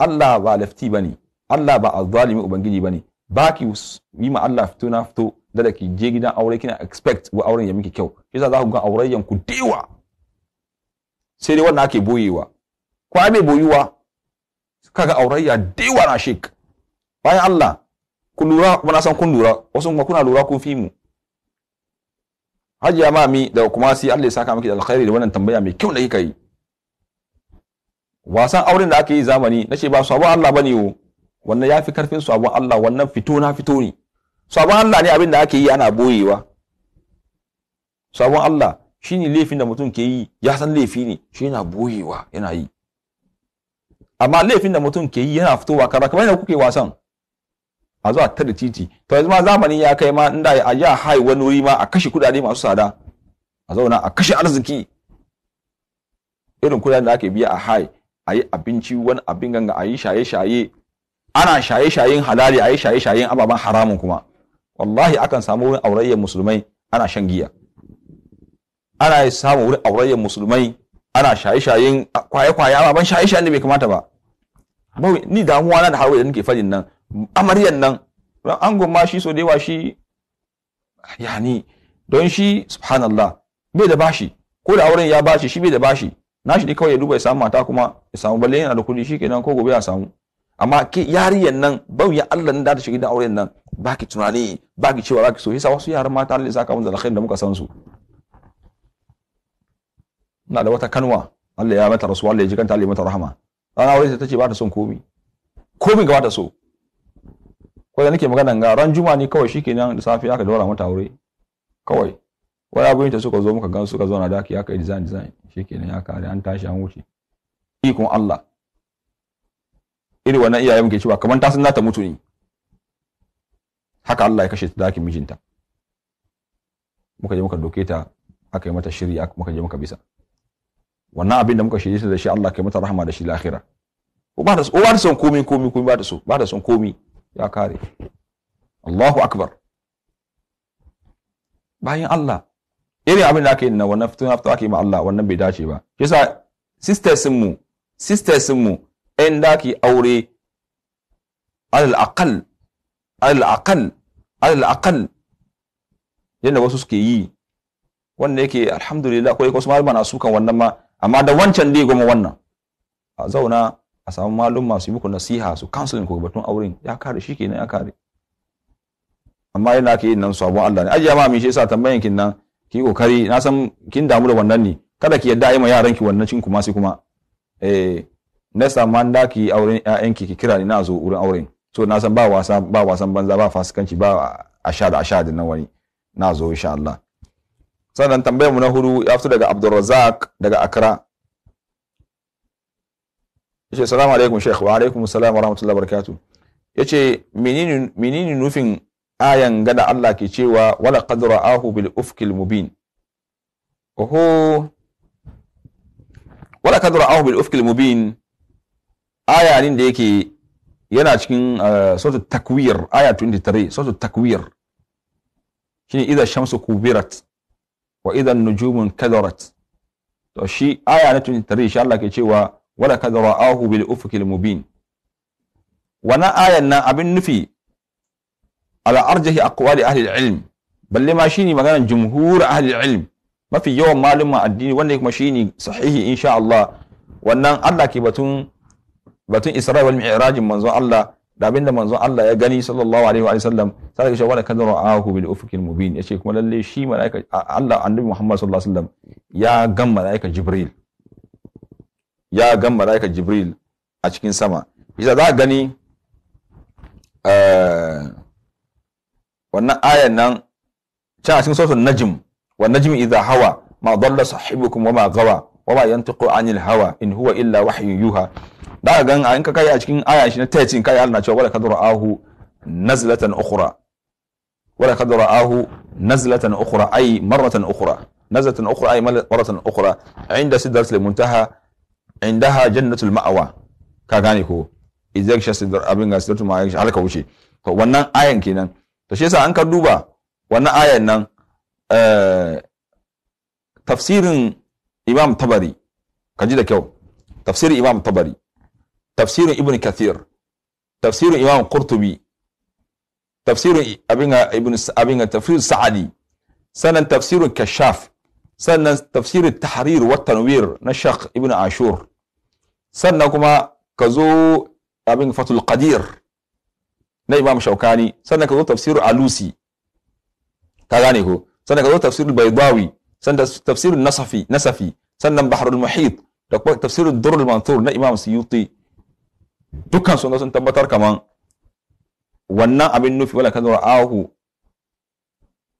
Allah ba lafti bane Allah ba azzalimi ubangiji bane ba ki yi ma Allah fito na fito da ki je gidan aure kina expect wa auren ya miki kyau yasa za ku ga aurayyan ku dewa sai dai wannan ake boyewa kwa mai boyuwa kaga aurayya dewa na shek bayan Allah kun lura kuma na san kun lura wasu kuma kuna lura kun fi mu hajiya mami da kuma si Allah ya saka miki da alkhairi da wannan tambaya mai kyau da kika yi wasan auren da ake yi zamani na ce ba sabon Allah bane yo wannan yafi karfin sabon Allah wannan fito na fito ne sabon Allah ne abin da ake yi ana boyewa sabon Allah shine laifin da mutum ke yi ya san laifi ne shi yana boyewa yana yi amma laifin da mutum ke yi yana fitowa kara kamar yadda kuke wasan a zuwa ta da titi to yanzu ma zamani ya kai ma inda a ya hai wani wuri ma a kashe kudade masu tsada a zauna a kashe arziki irin kudaden da ake biya a hai a yi abinci wani abin ganga a yi shaye-shaye ana shaye-shayen halali a yi shaye-shayen ababen haramun kuma wallahi akan samu wurin aurayyar musulmai ana shan giya ana samu wurin aurayyar musulmai ana shaye-shayen kwaye-kwaye ababen shaye-shayen da bai kamata ba ni damuwa na da harwai da nake fadin nan amaryan nan don angon goma shi so da yawa shi ni don shi subhanallah bai da bashi ko da auren ya bashi shi bai da bashi shi ne kawai ya duba ya samu mata kuma ya samu balle yana da kuɗi kenan ko gobe ya samu amma ke yariyan nan bau ya Allah nan da ta shiga da auren nan baki tunani baki cewa baki so yasa wasu yaran mata Allah ya saka wanda alkhairi da muka san su na da wata kanwa Allah ya mata rasuwa Allah ya ji kanta Allah ya mata rahama rana wurin ta ce ba ta son komi komi ga ba ta so ko da nake magana ga ran juma ne kawai shikenan da safiya aka daura mata aure kawai wani abin ta suka zo muka gan suka zauna daki aka yi design design shikenan ya kare an tashi an wuce ikon Allah iri wannan iyaye muke cewa kamar ta san zata mutu ne haka Allah ya kashe ta dakin mijinta muka je muka doke ta aka yi mata shiri muka je muka bisa wannan abin da muka shirye ta da shi Allah kai mata rahama da shi lahira ko ba ta son komi komi komi ba ta so ba ta son komi ya kare Allahu akbar bayan Allah irin abin da ake yi na wannan fito na fito ake ma Allah wannan bai dace ba shi yasa sun mu sun mu ɗan da ake aure alal aqal alal aqal alal aqal yadda wasu suke yi wanda yake alhamdulillah akwai wasu malama na sukan wannan ma amma da wancan dai goma wannan a zauna a samu malum masu muku nasiha su counseling ku batun auren ya kare shi kenan ya kare amma yana ake yin nan sabon Allah ne ajiya ma mi shi yasa tambayan kin nan ki kokari na san kin damu da wannan ne kada ki yadda ai ma yaran ki wannan cin kuma sai kuma eh next man da ki auren ƴaƴan ki ki kira ni na zo wurin auren so na san ba wasa ba wasan banza ba fasikanci ba asha da asha da nan wani na zo insha Allah sannan tambayar mu na huru ya fito daga Abdulrazak daga Accra yace salamu alaikum sheikh wa alaikum salam wa rahmatullahi wa barakatuh yace menene menene nufin ayan gada Allah ke cewa wala qad ra'ahu bil ufkil mubin oho wala qad ra'ahu bil ufkil mubin aya ne da yake yana cikin eh, sautu takwir aya 23 sautu takwir shine idza shamsu kubirat wa idza an-nujumu kadarat to shi aya na 23 insha Allah ke cewa wala kad ra'ahu bil ufukil mubin wannan ayan nan abin nufi ala arjahi aqwali ahli ilm balle ma shine maganar jumhur ahli ilm mafi yawan malumma addini wanda kuma shine sahihi insha Allah wannan Allah ke batun batun Isra wal Mi'raj manzon Allah da abinda manzon Allah ya gani sallallahu alaihi wa sallam sai ka ce wala kadra ahu bil ufuqil mubin yace kuma lalle shi malaika Allah annabi Muhammad sallallahu alaihi sallam. ya gan malaika Jibril ya gan mala'ika jibril a cikin sama isa za a gani wannan ayan nan can a cikin sosun najm wa najm idha hawa ma dalla sahibukum wa ma gawa wa ma yantiqu anil hawa in huwa illa wahyu yuha da ka gan in ka kai a cikin aya shi na 13 kai Allah na cewa wala kadra nazlatan ukhra wala kadra nazlatan ukhra ay maratan ukhra نزلة أخرى أي مرة أخرى عند سدرة المنتهى indaha jannatul ma'awa ka gane ko izaksha sidr abin ga sidatu ma'awa har ka wuce to wannan ayan kenan to shi yasa an ka duba wannan ayan nan eh, tafsirin imam tabari ka ji da kyau tafsirin imam tabari tafsirin ibn kathir tafsirin imam qurtubi tafsirin abin abin Tafsir sa'adi sanan tafsirin kashaf sannan tafsirin tahrir wa tanwir na Shaq Ibn Ashur sannan kuma ka zo abin Fatul Qadir na Imam Shaukani sannan ka zo tafsirin Alusi ka gane ko sannan ka zo tafsirin Baydawi sannan tafsirin Nasafi Nasafi sannan Bahrul Muhit da kuma tafsirin Durrul Mansur na Imam Suyuti dukkan sun sun tabbatar kaman wannan abin nufi wala kan ahu?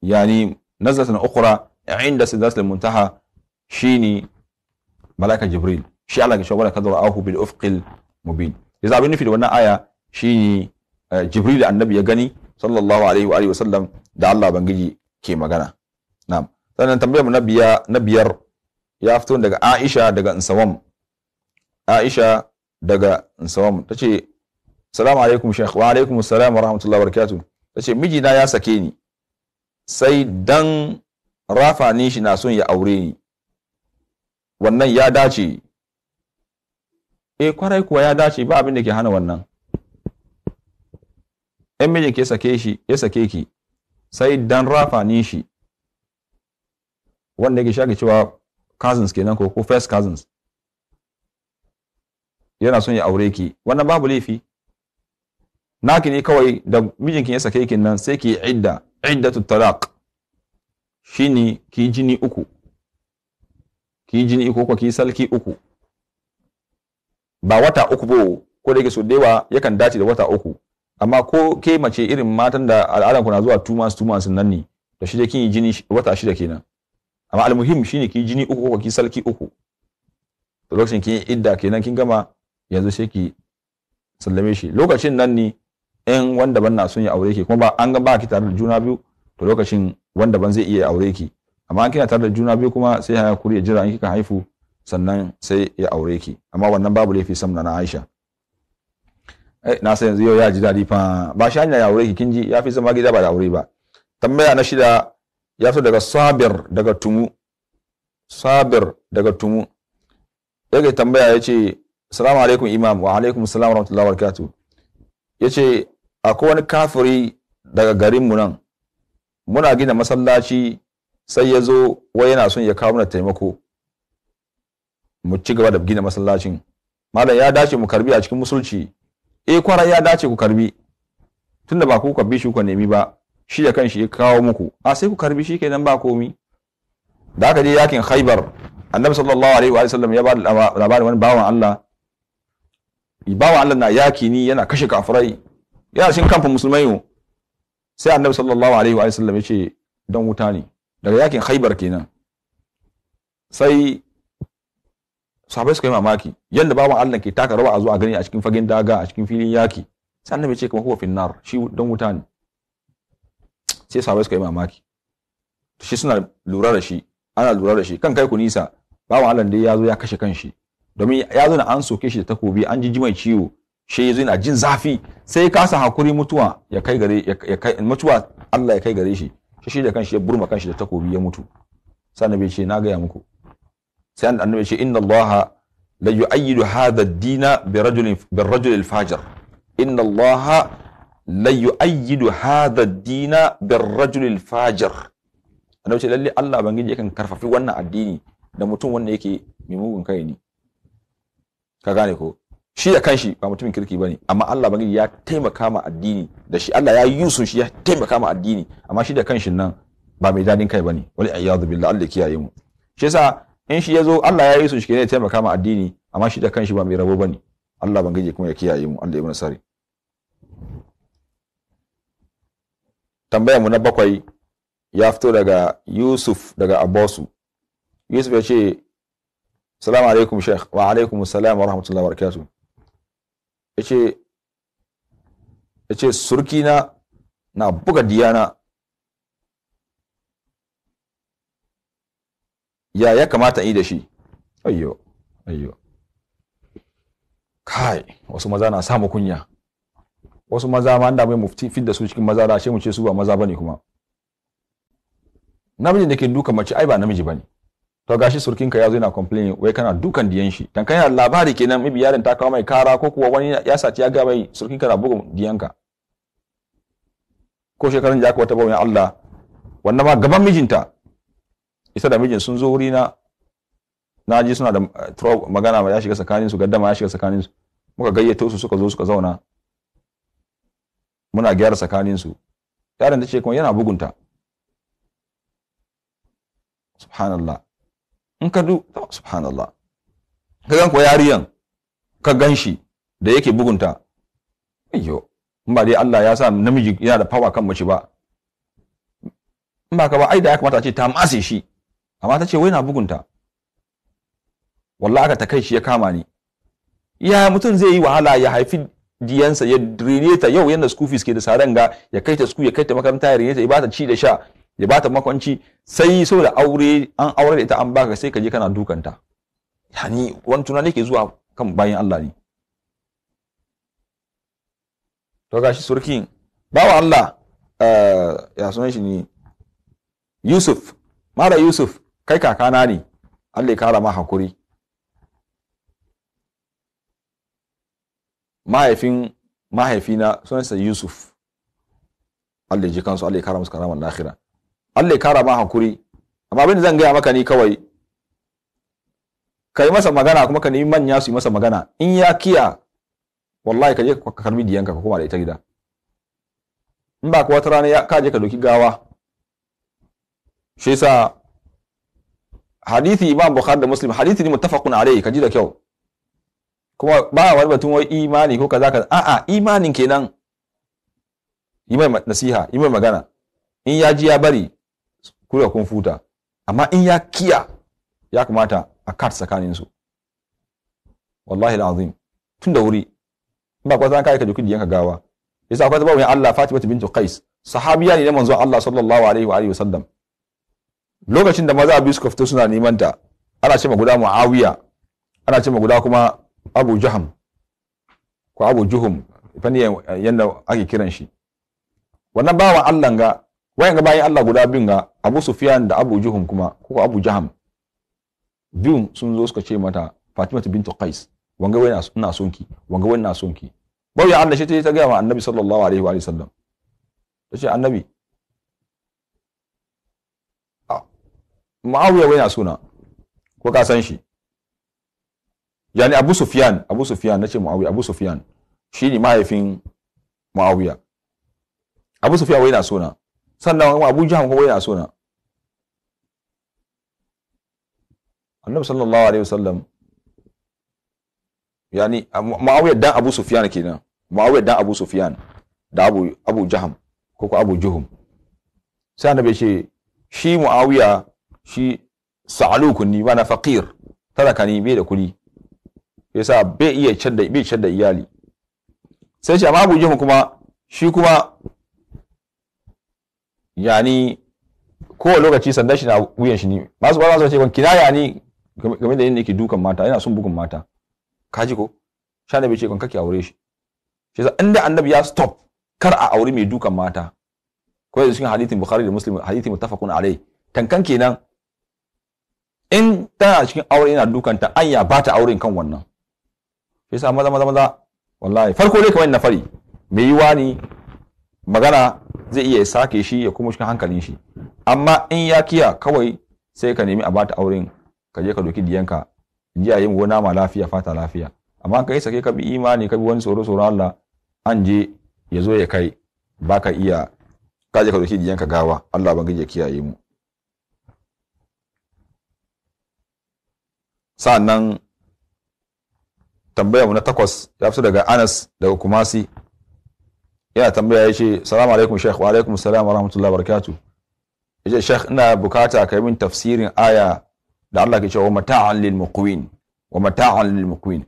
yani nazlatan ukhra inda ha muntaha shine malaka jibril shi Allah ga shi wala kadra ahu bil ufqil mubin yanzu abin nufi da wannan aya shine jibril da annabi ya gani sallallahu alaihi wa alihi wasallam da Allah bangiji ke magana na'am sannan tambayar mu na biyar ya fito daga Aisha daga Insawam Aisha daga Insawam tace salamu alaikum sheikh wa alaikum assalam wa rahmatullahi wa barakatuh tace mijina ya sake ni sai dan ni shi na son ya aure ni wannan ya dace E, kwarai kuwa ya dace ba abin da ke hana wannan in mijin ke sake shi ya sake ki sai dan ni shi wanda yake shaga cewa cousins kenan ko ko first cousins yana son ya aure ki wannan babu laifi naki ne kawai da mijinki ya sake ki nan sai ki idda iddatu talaq ne ki jini uku ki jini uku ko ki salki uku ba wata uku ba ko da yake so da yawa yakan dace da wata uku amma ko ke mace irin matan da al'adan ku na zuwa two months two months nan ne da shi da kin yi jini wata shida kenan amma almuhim shine ki jini uku ko ki salki uku to lokacin kin idda kenan kin gama yanzu sai ki sallame shi lokacin nan ne in wanda ban na sun yi aure ke kuma ba an ga ba ki tare da juna biyu to lokacin wanda ban zai iya aure ki amma kina tare da juna biyu kuma sai haya kuri ya jira in kika haifu sannan sai ya aure ki amma wannan babu laifi samna na Aisha eh na san yanzu yau ya ji dadi fa ba shi hanya ya aure ki kin ji ya fi zama gida ba da aure ba tambaya na shida ya fito daga sabir daga tumu sabir daga tumu daga tambaya ya ce salamu alaikum imam wa alaikum salam wa rahmatullahi wa barakatuh ya ce akwai wani kafiri daga garinmu nan muna gina masallaci sai ya zo wai yana son ya kawo mana taimako mu ci gaba da gina masallacin malam ya dace mu karbi a cikin musulci eh kwara ya dace ku karbi tunda ba ku ka bi shi ku nemi ba shi da kanshi ya kawo muku a sai ku karbi shi nan ba komi da aka je yakin haibar. annabi sallallahu alaihi wa sallam ya ba labarin wani bawan Allah bawan Allah na yaki ni yana kashe kafirai yana cin kamfan musulmai sai annabi sallallahu alaihi wa sallam ce don wuta ne daga yakin khaibar kenan sai sahabai suka yi mamaki yadda babu Allah ke taka rawa a zuwa gani a cikin fagen daga a cikin filin yaki sai annabi ce kuma huwa finnar shi don wuta ne sai sahabai suka yi mamaki shi suna lura da shi ana lura da shi kan kai ku nisa babu Allah dai ya zo ya kashe kanshi domin ya zo na an soke shi da takobi an ji mai ciwo shi yazo yana jin zafi sai ya kasa hakuri mutuwa ya kai gare mutuwa Allah ya kai gare shi shi shi da kanshi ya burma kanshi da takobi ya mutu sai annabi ce na gaya muku sai annabi ce inna Allah la yu'ayyidu hadha ad-dina bi rajulin bi fajir inna Allah la yu'ayyidu hadha ad-dina bi rajulil fajar. fajir annabi ce lalle Allah bangiji yakan karfafi wannan addini da mutum wanda yake mai mugun kai ne ka gane ko shi da kanshi ba mutumin kirki ba ne. amma Allah bangiji ya taimaka ma addini da shi Allah ya yi yusun shi ya taimaka ma addini amma shi da kanshin nan ba mai dadin kai ba Wani wal iyadu billah Allah kiyaye mu shi yasa in shi ya zo Allah ya yi yusun shi ne ya taimaka ma addini amma shi da kanshi ba mai rabo ba ne. Allah bangiji kuma ya kiyaye mu Allah ya yi sare tambaya mu na bakwai ya fito daga Yusuf daga Abosu Yusuf ya ce Salamu alaikum Sheikh wa alaikum salam wa rahmatullahi wa barakatuh ya ce surkina na buga diyana ya ya kamata yi da shi ayyo ayyo kai wasu maza na samu kunya wasu maza ma inda mai mufti fit da su cikin maza da ce mu ce su ba maza bane kuma namijin da ke duka mace ai ba namiji bane to gashi surkinka ya zo yana complain wai kana dukan diyan shi dan kana labari kenan mibi yaron ta kawo mai kara ko kuwa wani ya saci ya ga mai surkinka na bugun diyanka ko shekarun jaka wata wata bawai Allah wannan ma gaban mijinta isa da mijin sun zo wuri na na ji suna da eh, magana ya shiga tsakanin su gaddama ya shiga tsakanin su muka gayyato su suka zo suka zauna muna gyara tsakanin su yaron ta ce kuma yana bugunta subhanallah in ka du subhanallah ka gan ko yariyan ka gan shi da yake bugunta ayyo in ba dai Allah ya sa namiji yana da fawa kan mace ba in ba ka ba ai da ya kamata ce ta matse shi amma ta ce wai na bugunta wallahi aka ta shi ya kama ni ya mutum zai yi wahala ya haifi diyansa ya rineta yau yadda school fees ke da saranga ya kai ta school ya kai ta makaranta ya rineta ya ba ta ci da sha ya bata makwanci sai sau da aure an aure da ita an baka sai ka je kana dukanta yani wani tunani ke zuwa kan bayan Allah ne to gashi surkin bawa Allah eh, ya sunan shi ne Yusuf mara Yusuf kai kakana ne Allah ya kara ma hakuri mahaifin mahaifina sunansa Yusuf Allah ya ji kansu Allah ya kara musu karamar lahira Allah ya kara ma hakuri amma abin da zan gaya maka ni kawai ka yi masa magana kuma ka nemi manya su yi masa magana in ya kiya wallahi ka je ka karbi diyanka ka koma da ita gida in ba ka wata rana ka je ka doki gawa shi yasa hadithi imam bukhari da muslim hadithi ne muttafaqun alayhi ka ji da kyau kuma ba wani batun wai imani ko kaza kaza a'a imanin kenan yi mai nasiha yi mai magana in ya ji ya bari kura kun futa amma in ya kiya ya kamata a kat tsakanin su wallahi alazim tun da wuri ba kwa zan kai ka duki diyan ka gawa yasa akwai zaba wani Allah Fatima bint Qais sahabiya ne na manzo Allah sallallahu alaihi wa alihi wasallam lokacin da maza biyu suka fito suna neman ta ana ce guda Muawiya ana ce guda kuma Abu Jaham ko Abu Juhum fanni yanda ake kiran shi wannan bawan Allah ga wayan ga bayan Allah guda bin ga abu sufiyan da abu Juhun kuma ko abu jaham biyun sun zo suka ce mata fatima bintu qais wanga wai na son ki wanga wai na son ki bau ya Allah shi ta gaya ma annabi sallallahu alaihi wa sallam ta ce annabi ma'awiya wai na suna ko ka san shi yani abu Sufiyan, abu na nace muawiya abu shi shine mahaifin muawiya abu Sufiyan wai na suna sannan abu jaham wai na suna annabi sallallahu alaihi wasallam yani muawiya dan abu sufyan kenan muawiya dan abu sufyan da abu abu jaham ko ko abu juhum sai annabi ce shi muawiya shi sa'alukun ni bana faqir talaka ni bai da kudi yasa bai iya cadda bai cadda iyali sai shi amma abu juhum kuma shi kuma yani kowane lokaci sanda shi na wuyan shi ne masu ba su ce ban kinaya ni game da yadda yake dukan mata yana son bugun mata kaji ko sha da bai ce kan kake aure shi shi yasa inda annabi ya stop kar a aure mai dukan mata ko yanzu cikin hadithin bukhari da muslim hadithin muttafaqun alai tankan kenan in tana cikin aure yana dukanta anya ba ta auren kan wannan shi yasa maza maza maza wallahi farko dai kamar na fari mai yiwa ne magana zai iya sake shi ya kuma cikin hankalin shi amma in ya kiya kawai sai ka nemi a bata auren ka je ka doki diyanka jiya yi gona ma lafiya fata lafiya amma kai sake ka bi imani ka bi wani tsoro tsoro Allah an je ya zo ya kai ba ka iya ka je ka doki diyanka gawa Allah bangiji ya kiyaye mu sa'annan tambaya mu na takwas ya fito daga Anas daga Kumasi yana tambaya ya ce salamu alaikum sheikh wa alaikum salam wa rahmatullahi wa barakatuh ya ce sheikh ina bukata ka yi min tafsirin aya da Allah ke cewa mata'an lil muqwin wa mata'an lil muqwin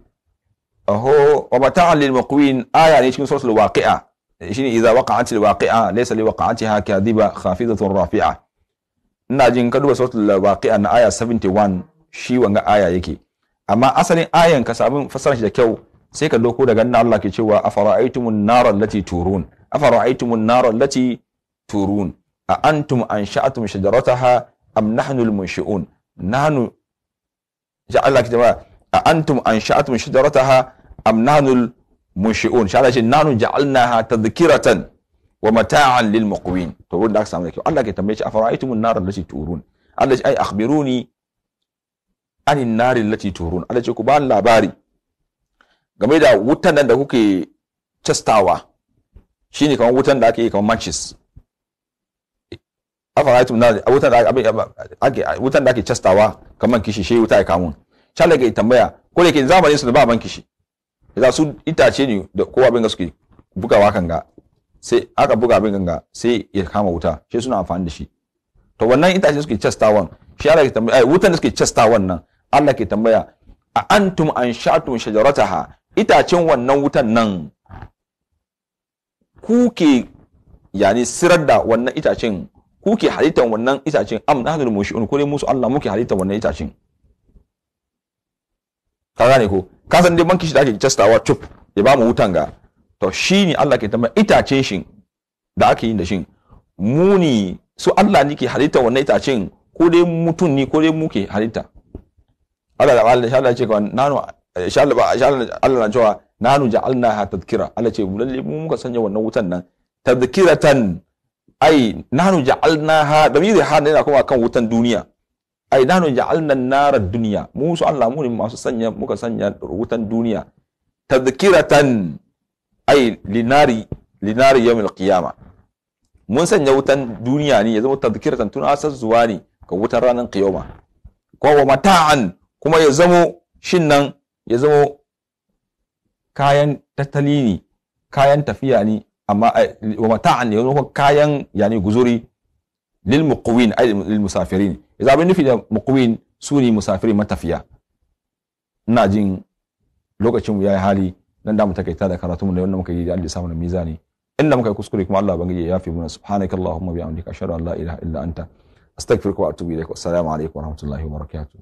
aho wa mata'an lil muqwin aya ne cikin suratul waqi'a shine idza waqa'at al waqi'a laysa li waqa'atiha kadhiba khafidatun rafi'a ina jin ka duba suratul waqi'a na aya 71 shi wanga aya yake amma asalin ayan ka samu fasara shi da kyau sai ka doko daga nan Allah ke cewa afara'aytumun nara allati turun afara'aytumun nara allati turun a antum ansha'atum shajarataha am nahnu al munshi'un nahnu Allah ki jama'a a antum ansha'atum shijarataha am nahnu munshi'un sha Allah ce nahnu ja'alnaha tadhkiratan wa mata'an lil muqwin to wurin da aka samu da Allah ke tambaye shi afara'aytum an nara allati turun Allah ce ai akhbiruni anin nari allati turun Allah ce ku ba labari game da wutan nan da kuke castawa shine kamar wutan da ake yi kamar matches afa ra'aytum na wutan da abin ake wutan da ake castawa kaman kishi shi wuta ya kamu shala ke tambaya ko da ke zamanin su da ba man kishi za su itace ne da kowa abin ga suke bugawa kan ga sai aka buga abin ganga sai ya kama wuta shi suna amfani da shi to wannan itace suke castawan shi Allah ke tambaya eh, wutan da suke castawan nan Allah ke tambaya a antum an shatum shajarataha itacen wannan wutan nan kuke yani sirar da wannan itacen ku ke halittar wannan itacen am na hadar mushi'un ko dai musu Allah muke halittar wannan itacen ka gane ko ka san dai banki shi da ake castawa cup ya ba mu wutan ga to shi ne Allah ke tamba itacen shin da ake yin da shin mu ne su Allah ne ke halittar wannan itacen ko dai mutum ne ko dai muke halitta Allah da Allah Allah ce kawai nanu insha Allah Allah na cewa nanu ja'alna ha tadhkira Allah ce lalle mu muka sanya wannan wutan nan tadhkiratan ai nahnu ja'alnaha damiri ha yana kuma kan wutan duniya ai nahnu ja'alna narar duniya mu su Allah mu ne masu sanya muka sanya wutan duniya tadhkiratan ai linari linari yawmil qiyama mun sanya wutan duniya ne ya zama tadhkiratan tun asar zuwa ne ga wutan ranar qiyama ko wa mata'an kuma ya zamo shin nan ya zamo kayan tattali ne kayan tafiya ne amma eh, wa mata'an ya zama kayan yani guzuri lil muqwin ay lil musafirin idan abin nufi da muqwin su ne matafiya ina jin lokacin mu yayi hali nan da mu takaita da karatu mu da wannan muka yi da Allah samu mizani inda muka yi kuskure kuma Allah bangije ya fi mana subhanaka allahumma bi amdika ashhadu an la ilaha illa anta astaghfiruka wa atubu ilaik assalamu alaikum wa rahmatullahi wa barakatuh